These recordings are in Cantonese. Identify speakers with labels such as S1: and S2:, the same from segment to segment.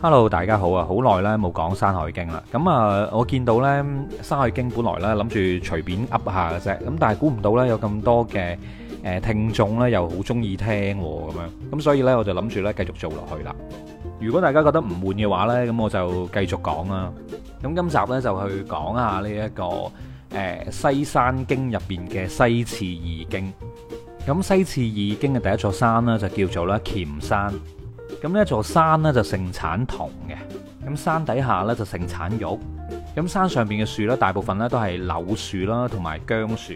S1: hello，大家好啊！好耐咧冇講《山海經》啦，咁啊，我見到咧《山海經》本來咧諗住隨便噏下嘅啫，咁但係估唔到咧有咁多嘅誒聽眾咧又好中意聽咁樣，咁所以咧我就諗住咧繼續做落去啦。如果大家覺得唔悶嘅話咧，咁我就繼續講啊。咁今集咧就去講下呢一個誒西山經入邊嘅西次二經。咁西次二經嘅第一座山咧就叫做咧鈐山。咁呢一座山咧就盛產銅嘅，咁山底下咧就盛產玉，咁山上邊嘅樹咧大部分咧都係柳樹啦，同埋薑樹。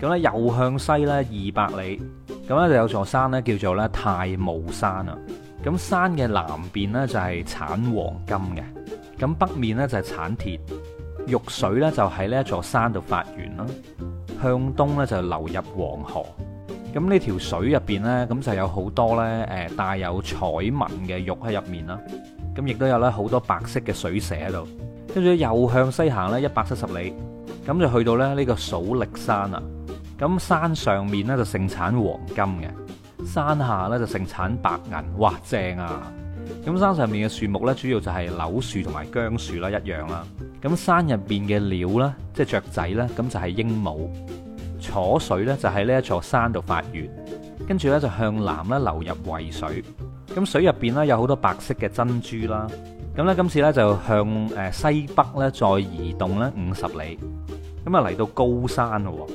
S1: 咁咧又向西咧二百里，咁咧就有座山咧叫做咧泰冒山啊。咁山嘅南邊咧就係產黃金嘅，咁北面咧就係產鐵，浴水咧就喺呢一座山度發源啦，向東咧就流入黃河。咁呢條水入邊呢，咁就有好多呢誒，帶有彩紋嘅玉喺入面啦。咁亦都有咧好多白色嘅水蛇喺度。跟住又向西行呢，一百七十里，咁就去到咧呢個數力山啊。咁山上面呢，就盛產黃金嘅，山下呢，就盛產白銀。哇，正啊！咁山上面嘅樹木呢，主要就係柳樹同埋薑樹啦，一樣啦。咁山入邊嘅鳥呢，即係雀仔呢，咁就係鸚鵡。楚水咧就喺呢一座山度發源，跟住咧就向南咧流入渭水。咁水入邊咧有好多白色嘅珍珠啦。咁咧今次咧就向誒西北咧再移動咧五十里，咁啊嚟到高山咯。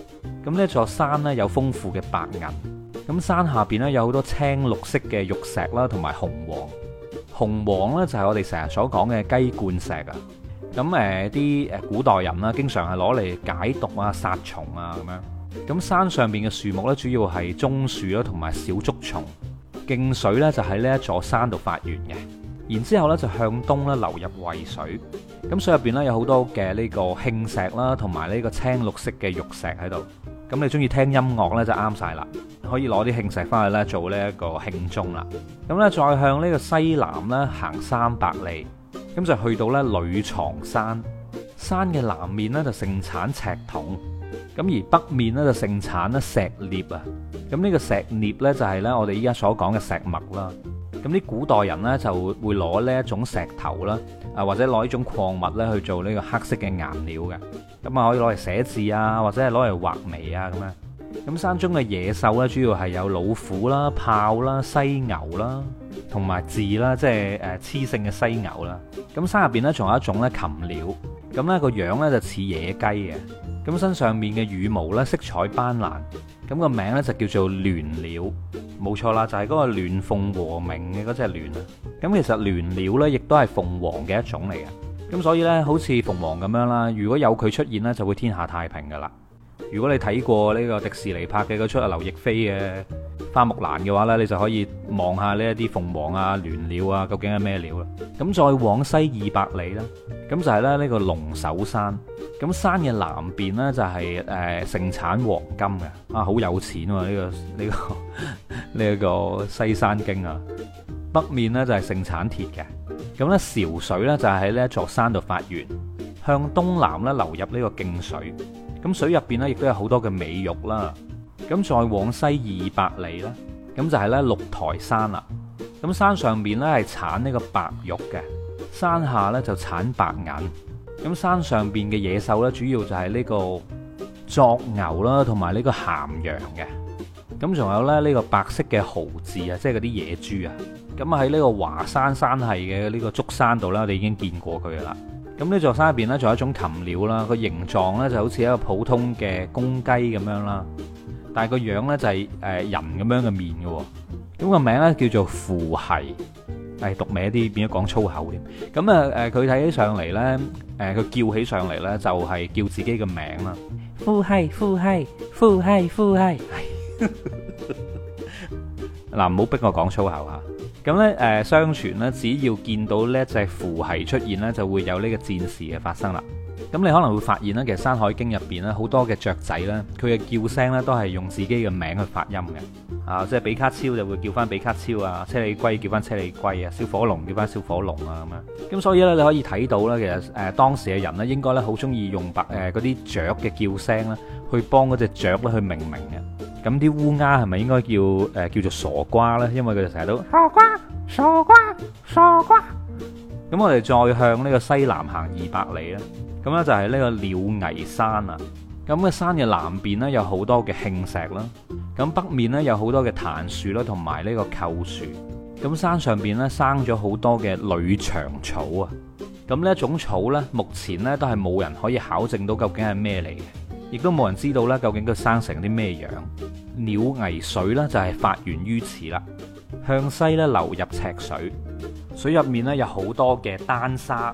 S1: 咁呢座山咧有豐富嘅白銀。咁山下邊咧有好多青綠色嘅玉石啦，同埋紅黃紅黃咧就係我哋成日所講嘅雞冠石啊。咁誒啲誒古代人啦，經常係攞嚟解毒啊、殺蟲啊咁樣。咁山上邊嘅樹木咧，主要係棕樹咯，同埋小竹叢。徑水咧就喺呢一座山度發源嘅，然之後咧就向東咧流入渭水。咁水入邊咧有好多嘅呢個磬石啦，同埋呢個青綠色嘅玉石喺度。咁你中意聽音樂咧就啱曬啦，可以攞啲磬石翻去咧做呢一個磬鐘啦。咁咧再向呢個西南咧行三百里，咁就去到咧女床山。山嘅南面咧就盛產赤銅。咁而北面咧就盛產咧石獵啊，咁呢個石獵咧就係咧我哋依家所講嘅石墨啦。咁啲古代人咧就會攞呢一種石頭啦，啊或者攞呢種礦物咧去做呢個黑色嘅顏料嘅，咁啊可以攞嚟寫字啊，或者係攞嚟畫眉啊咁樣。咁山中嘅野獸咧主要係有老虎啦、豹啦、犀牛啦，同埋字啦，即係誒雌性嘅犀牛啦。咁山入邊咧仲有一種咧禽鳥。咁呢個樣呢，就似野雞嘅，咁身上面嘅羽毛呢，色彩斑斕。咁個名呢，就叫做鸞鳥，冇錯啦，就係、是、嗰個鸞鳳和鳴嘅嗰隻鸞啊！咁其實鸞鳥呢，亦都係鳳凰嘅一種嚟嘅，咁所以呢，好似鳳凰咁樣啦，如果有佢出現呢，就會天下太平噶啦。如果你睇過呢個迪士尼拍嘅嗰出啊劉亦菲嘅花木蘭嘅話咧，你就可以望下呢一啲鳳凰啊、鸞鳥啊，究竟係咩鳥啦？咁再往西二百里咧，咁就係咧呢個龍首山。咁山嘅南邊咧就係誒盛產黃金嘅，啊好有錢喎！呢個呢個呢個西山經啊，北面咧就係盛產鐵嘅。咁咧潮水咧就係喺呢一座山度發源，向東南咧流入呢個徑水。咁水入邊咧，亦都有好多嘅美玉啦。咁再往西二百里咧，咁就係咧六台山啦。咁山上邊呢，係產呢個白玉嘅，山下呢，就產白銀。咁山上邊嘅野獸呢，主要就係呢個作牛啦，同埋呢個鹹羊嘅。咁仲有咧呢個白色嘅豪彘啊，即係嗰啲野豬啊。咁喺呢個華山山系嘅呢個竹山度啦，我哋已經見過佢啦。咁呢座山入邊咧，仲有一種禽鳥啦，個形狀咧就好似一個普通嘅公雞咁樣啦，但係個樣咧就係誒人咁樣嘅面嘅，咁個名咧叫做鳧徯，誒讀歪啲，變咗講粗口添。咁啊誒，佢睇起上嚟咧，誒佢叫起上嚟咧就係叫自己嘅名啦，鳧徯、鳧徯、鳧徯、鳧徯，嗱唔好逼我講粗口吓。咁咧，誒、呃、相傳咧，只要見到呢一隻符係出現咧，就會有呢個戰事嘅發生啦。咁你可能會發現咧，其實《山海經》入邊咧好多嘅雀仔咧，佢嘅叫聲咧都係用自己嘅名去發音嘅。啊，即係比卡超就會叫翻比卡超啊，車里龜叫翻車里龜啊，小火龍叫翻小火龍啊咁啊。咁所以咧，你可以睇到咧，其實誒、呃、當時嘅人咧，應該咧好中意用白誒嗰啲雀嘅叫聲咧，去幫嗰隻雀咧去命名嘅。咁啲烏鴉係咪應該叫誒、呃、叫做傻瓜呢？因為佢哋成日都傻瓜、傻瓜、傻瓜。咁我哋再向呢個西南行二百里啦。咁呢就係呢個鳥危山啊。咁個山嘅南邊呢，有好多嘅磬石啦、啊。咁北面呢，有好多嘅檀樹啦，同埋呢個構樹。咁山上邊呢，生咗好多嘅女床草啊。咁呢一種草呢，目前呢，都係冇人可以考證到究竟係咩嚟嘅，亦都冇人知道咧究竟佢生成啲咩樣。鳥危水咧就係發源於此啦，向西咧流入赤水，水入面咧有好多嘅丹砂，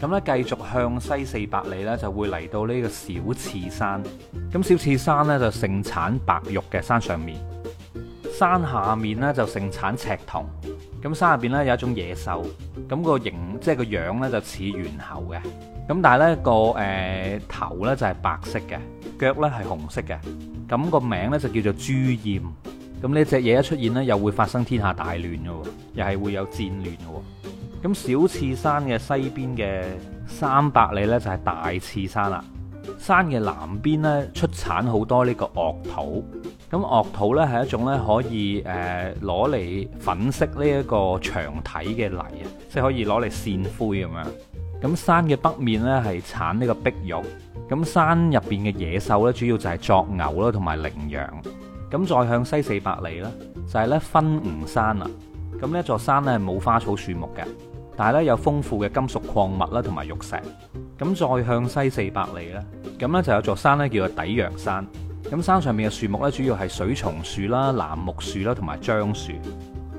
S1: 咁咧繼續向西四百里咧就會嚟到呢個小刺山，咁小刺山咧就盛產白玉嘅。山上面，山下面咧就盛產赤銅，咁山入邊咧有一種野獸，咁個形即係個樣咧就似猿猴嘅。咁但係咧個誒頭咧就係白色嘅，腳咧係紅色嘅，咁個名咧就叫做朱艷。咁呢隻嘢一出現咧，又會發生天下大亂嘅，又係會有戰亂嘅。咁小刺山嘅西邊嘅三百里咧就係大刺山啦。山嘅南邊咧出產好多呢個惡土，咁惡土咧係一種咧可以誒攞嚟粉飾呢一個牆體嘅泥啊，即係可以攞嚟扇灰咁樣。咁山嘅北面呢，係產呢個碧玉，咁山入邊嘅野獸呢，主要就係作牛啦，同埋羚羊。咁再向西四百里呢，就係呢分吳山啦。咁呢座山呢，係冇花草樹木嘅，但係呢，有豐富嘅金屬礦物啦，同埋玉石。咁再向西四百里呢，咁呢，就有一座山呢，叫做底陽山。咁山上面嘅樹木呢，主要係水松樹啦、楠木樹啦，同埋樟樹。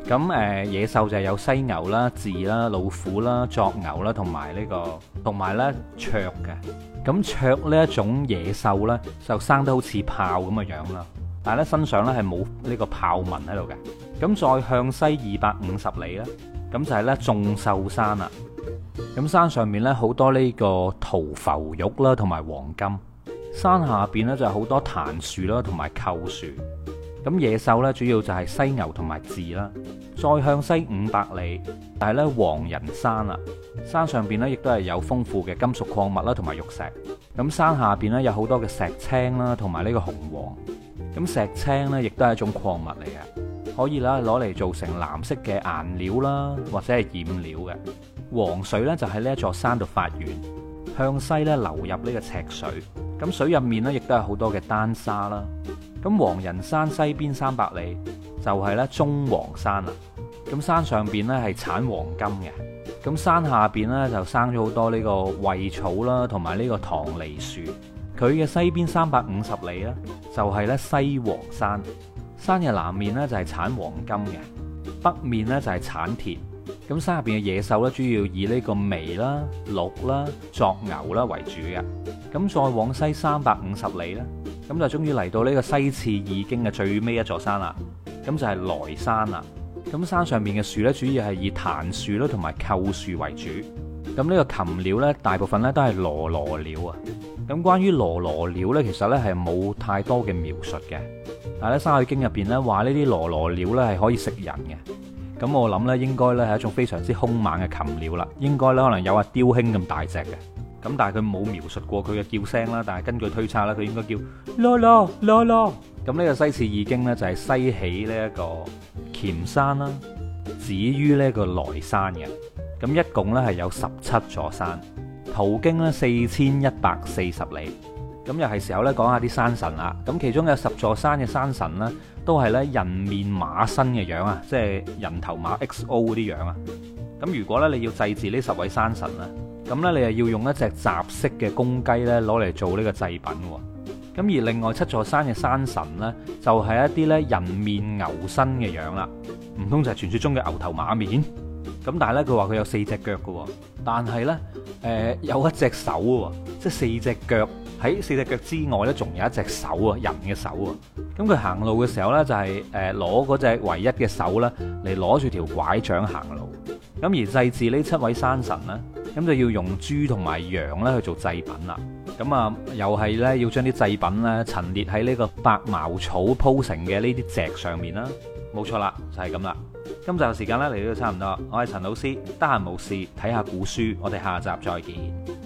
S1: 咁誒野獸就係有犀牛啦、字啦、老虎啦、作牛啦，同埋、這個、呢個同埋咧雀嘅。咁雀呢一種野獸咧，就生得好似豹咁嘅樣啦，但係咧身上咧係冇呢個豹紋喺度嘅。咁再向西二百五十里啦，咁就係咧眾獸山啦。咁山上面咧好多呢個桃浮玉啦，同埋黃金。山下面咧就好多檀樹啦，同埋構樹。咁野獸咧，主要就係犀牛同埋兕啦。再向西五百里，但係咧黃人山啦。山上邊咧，亦都係有豐富嘅金屬礦物啦，同埋玉石。咁山下邊咧，有好多嘅石青啦，同埋呢個紅黃。咁石青咧，亦都係一種礦物嚟嘅，可以啦攞嚟做成藍色嘅顏料啦，或者係染料嘅。黃水咧，就喺呢一座山度發源，向西咧流入呢個赤水。咁水入面咧，亦都係好多嘅丹砂啦。咁黃仁山西邊三百里就係、是、咧中黃山啦，咁山上邊咧係產黃金嘅，咁山下邊咧就生咗好多呢個蕙草啦，同埋呢個棠梨樹。佢嘅西邊三百五十里咧就係咧西黃山，山嘅南面咧就係產黃金嘅，北面咧就係產鐵。咁山入邊嘅野獸咧，主要以呢個麋啦、鹿啦、作牛啦為主嘅。咁再往西三百五十里呢，咁就終於嚟到呢個西次二經嘅最尾一座山啦。咁就係、是、萊山啦。咁山上邊嘅樹咧，主要係以檀樹啦同埋構樹為主。咁、這、呢個禽鳥咧，大部分咧都係羅羅鳥啊。咁關於羅羅鳥咧，其實咧係冇太多嘅描述嘅。但係咧《山海經》入邊咧話呢啲羅羅鳥咧係可以食人嘅。咁我諗呢應該呢係一種非常之兇猛嘅禽鳥啦，應該呢可能有阿雕兄咁大隻嘅，咁但係佢冇描述過佢嘅叫聲啦，但係根據推測呢，佢應該叫咯咯咯咯。咁呢個西次二經呢，就係西起呢一個黔山啦，止於呢個萊山嘅，咁一共呢係有十七座山，途經呢四千一百四十里。咁又係時候咧，講下啲山神啦。咁其中有十座山嘅山神呢，都係咧人面馬身嘅樣啊，即係人頭馬 X O 啲樣啊。咁如果咧你要祭祀呢十位山神呢，咁咧你又要用一隻雜色嘅公雞咧攞嚟做呢個祭品喎。咁而另外七座山嘅山神呢，就係、是、一啲咧人面牛身嘅樣啦，唔通就係傳説中嘅牛頭馬面咁？但係咧佢話佢有四隻腳喎，但係呢、呃，有一隻手喎，即係四隻腳。喺四隻腳之外咧，仲有一隻手啊，人嘅手啊。咁佢行路嘅時候呢，就係誒攞嗰隻唯一嘅手咧嚟攞住條拐杖行路。咁而祭祀呢七位山神呢，咁就要用豬同埋羊呢去做祭品啦。咁啊，又係呢，要將啲祭品呢陳列喺呢個白茅草鋪成嘅呢啲席上面啦。冇錯啦，就係咁啦。今集嘅時間呢，嚟到差唔多，我係陳老師，得閒冇事睇下古書，我哋下集再見。